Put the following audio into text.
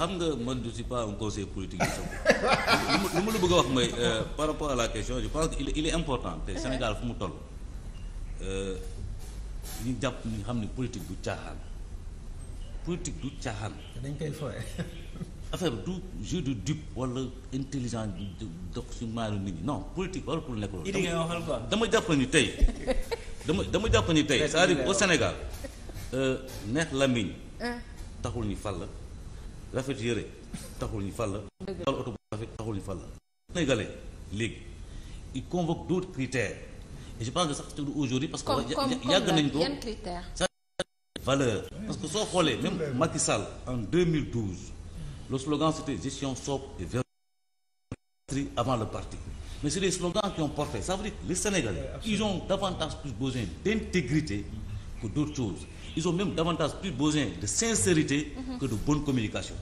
xam nga man je suis pas un conseiller politique lu ma lu bëgg a wax mooy euh, par rapport à la question je pense que il est important te Sénégal fu mu toll euh, ñu jàpp ñu xam ne politique du caaxaan politique du caaxaan. dañ koy fooye. affaire bi du jeu de dupe wala intelligent du dox si maalu nit ñi non politique wala pour dama jàpp ni tey dama dama jàpp ni tey c'est-à-dire au Sénégal euh, neex lamiñ taxul ñu fal la rafet yëre taxul ñu fal la. dawal oto bu rafet taxul ñu fal la. Sénégalais léegi il convoque d' autres critères je pense que sax c'est aujourd'hui parce que. yàgg nañ ko yan critères. valeur soo xoolee même Macky Sall en 2012 le slogan c'était gestion sobre et vertueuse avant le parti mais c'est des slogans qui ont porté ça veut dire les Sénégalais ils ont davantage plus besoin d'intégrité que d'autres choses ils ont même davantage plus besoin de sincérité mm-hmm. que de bonne communication